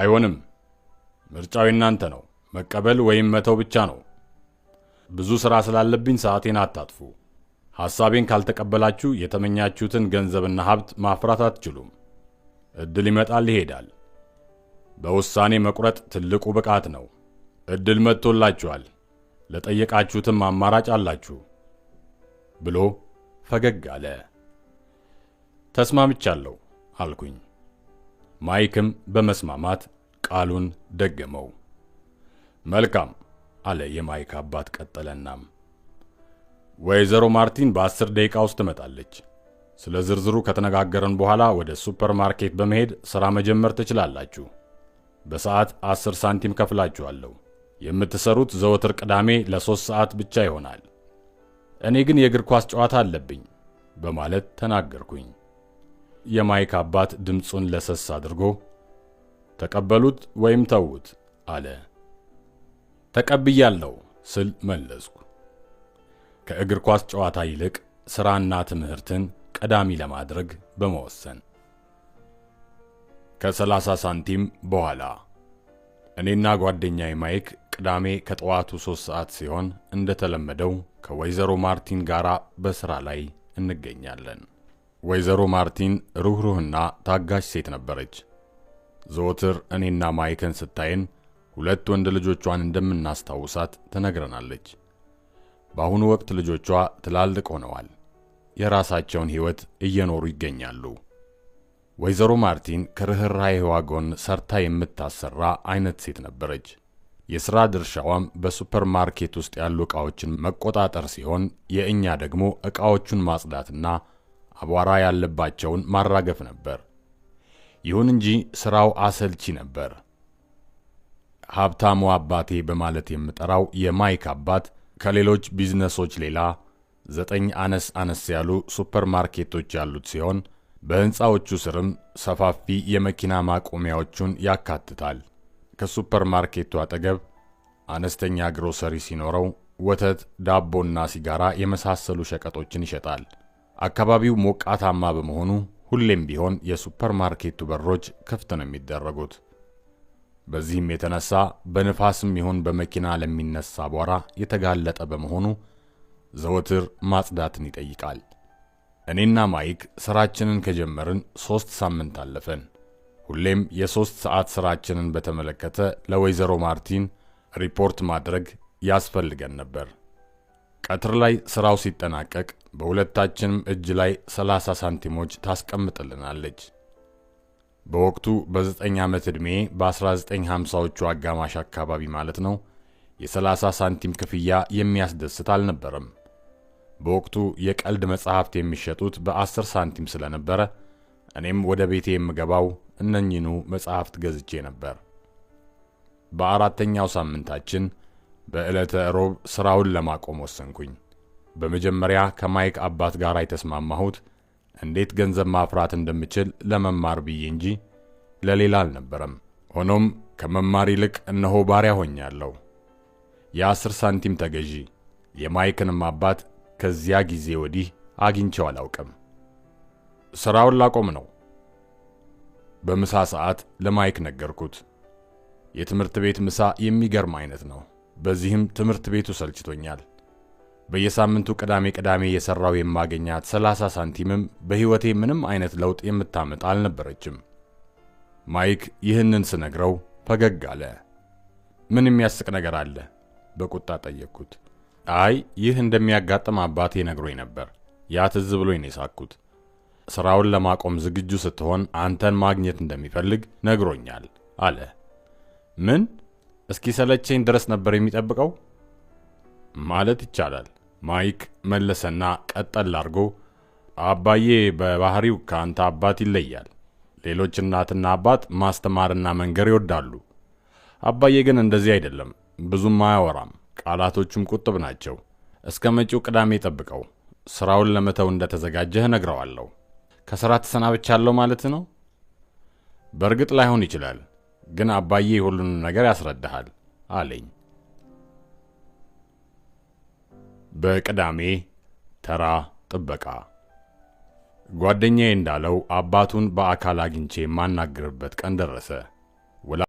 አይሆንም። ምርጫው የናንተ ነው። መቀበል ወይም መተው ብቻ ነው። ብዙ ሥራ ስላለብኝ ሰዓቴን አታጥፉ። ሐሳቤን ካልተቀበላችሁ የተመኛችሁትን ገንዘብና ሀብት ማፍራት አትችሉም። ዕድል ይመጣል ይሄዳል። በውሳኔ መቁረጥ ትልቁ ብቃት ነው። ዕድል መጥቶላችኋል። ለጠየቃችሁትም አማራጭ አላችሁ ብሎ ፈገግ አለ። ተስማምቻለሁ አልኩኝ። ማይክም በመስማማት ቃሉን ደገመው። መልካም አለ የማይክ አባት ቀጠለናም፣ ወይዘሮ ማርቲን በአስር ደቂቃ ውስጥ ትመጣለች። ስለ ዝርዝሩ ከተነጋገረን በኋላ ወደ ሱፐርማርኬት በመሄድ ሥራ መጀመር ትችላላችሁ። በሰዓት አስር ሳንቲም ከፍላችኋለሁ። የምትሰሩት ዘወትር ቅዳሜ ለሦስት ሰዓት ብቻ ይሆናል። እኔ ግን የእግር ኳስ ጨዋታ አለብኝ በማለት ተናገርኩኝ። የማይክ አባት ድምፁን ለሰስ አድርጎ ተቀበሉት ወይም ተዉት አለ። ተቀብያለሁ ስል መለስኩ። ከእግር ኳስ ጨዋታ ይልቅ ስራና ትምህርትን ቀዳሚ ለማድረግ በመወሰን ከ30 ሳንቲም በኋላ እኔና ጓደኛዬ ማይክ ቅዳሜ ከጠዋቱ 3 ሰዓት ሲሆን እንደተለመደው ከወይዘሮ ማርቲን ጋር በስራ ላይ እንገኛለን። ወይዘሮ ማርቲን ሩኅሩህና ታጋሽ ሴት ነበረች። ዘወትር እኔና ማይከን ስታይን ሁለት ወንድ ልጆቿን እንደምናስታውሳት ትነግረናለች። በአሁኑ ወቅት ልጆቿ ትላልቅ ሆነዋል፣ የራሳቸውን ሕይወት እየኖሩ ይገኛሉ። ወይዘሮ ማርቲን ከርኅራኄዋ ጎን ሰርታ የምታሰራ አይነት ሴት ነበረች። የሥራ ድርሻዋም በሱፐርማርኬት ውስጥ ያሉ ዕቃዎችን መቆጣጠር ሲሆን የእኛ ደግሞ ዕቃዎቹን ማጽዳትና አቧራ ያለባቸውን ማራገፍ ነበር። ይሁን እንጂ ሥራው አሰልቺ ነበር። ሀብታሙ አባቴ በማለት የምጠራው የማይክ አባት ከሌሎች ቢዝነሶች ሌላ ዘጠኝ አነስ አነስ ያሉ ሱፐር ማርኬቶች ያሉት ሲሆን በሕንፃዎቹ ስርም ሰፋፊ የመኪና ማቆሚያዎቹን ያካትታል። ከሱፐር ማርኬቱ አጠገብ አነስተኛ ግሮሰሪ ሲኖረው ወተት፣ ዳቦና ሲጋራ የመሳሰሉ ሸቀጦችን ይሸጣል። አካባቢው ሞቃታማ በመሆኑ ሁሌም ቢሆን የሱፐርማርኬቱ በሮች ክፍት ነው የሚደረጉት። በዚህም የተነሳ በንፋስም ይሁን በመኪና ለሚነሳ አቧራ የተጋለጠ በመሆኑ ዘወትር ማጽዳትን ይጠይቃል። እኔና ማይክ ስራችንን ከጀመርን ሶስት ሳምንት አለፈን። ሁሌም የሶስት ሰዓት ስራችንን በተመለከተ ለወይዘሮ ማርቲን ሪፖርት ማድረግ ያስፈልገን ነበር። ቀትር ላይ ስራው ሲጠናቀቅ በሁለታችንም እጅ ላይ 30 ሳንቲሞች ታስቀምጥልናለች። በወቅቱ በ9 ዓመት ዕድሜ በ1950ዎቹ አጋማሽ አካባቢ ማለት ነው፣ የ30 ሳንቲም ክፍያ የሚያስደስት አልነበረም። በወቅቱ የቀልድ መጽሐፍት የሚሸጡት በ10 ሳንቲም ስለነበረ እኔም ወደ ቤቴ የምገባው እነኝኑ መጽሐፍት ገዝቼ ነበር። በአራተኛው ሳምንታችን በዕለተ ሮብ ሥራውን ለማቆም ወሰንኩኝ። በመጀመሪያ ከማይክ አባት ጋር የተስማማሁት እንዴት ገንዘብ ማፍራት እንደምችል ለመማር ብዬ እንጂ ለሌላ አልነበረም። ሆኖም ከመማር ይልቅ እነሆ ባሪያ ሆኛለሁ። የአስር ሳንቲም ተገዢ የማይክንም አባት ከዚያ ጊዜ ወዲህ አግኝቸው አላውቅም። ሥራውን ላቆም ነው። በምሳ ሰዓት ለማይክ ነገርኩት። የትምህርት ቤት ምሳ የሚገርም አይነት ነው። በዚህም ትምህርት ቤቱ ሰልችቶኛል። በየሳምንቱ ቅዳሜ ቅዳሜ የሠራው የማገኛት 30 ሳንቲምም በሕይወቴ ምንም አይነት ለውጥ የምታመጣ አልነበረችም። ማይክ ይህንን ስነግረው ፈገግ አለ። ምን የሚያስቅ ነገር አለ? በቁጣ ጠየቅኩት። አይ ይህ እንደሚያጋጥም አባቴ ነግሮኝ ነበር። ያ ትዝ ብሎኝ ነው የሳቅኩት። ሥራውን ለማቆም ዝግጁ ስትሆን አንተን ማግኘት እንደሚፈልግ ነግሮኛል አለ። ምን እስኪሰለቸኝ ድረስ ነበር የሚጠብቀው ማለት ይቻላል። ማይክ መለሰና ቀጠል አድርጎ አባዬ በባህሪው ከአንተ አባት ይለያል። ሌሎች እናትና አባት ማስተማርና መንገር ይወዳሉ። አባዬ ግን እንደዚህ አይደለም። ብዙም አያወራም። ቃላቶቹም ቁጥብ ናቸው። እስከ መጪው ቅዳሜ ጠብቀው። ስራውን ለመተው እንደተዘጋጀህ እነግረዋለሁ። ከስራ ተሰናብቻለሁ ማለት ነው? በእርግጥ ላይሆን ይችላል። ግን አባዬ ሁሉንም ነገር ያስረዳሃል አለኝ። በቅዳሜ ተራ ጥበቃ ጓደኛዬ እንዳለው አባቱን በአካል አግኝቼ የማናግርበት ቀን ደረሰ።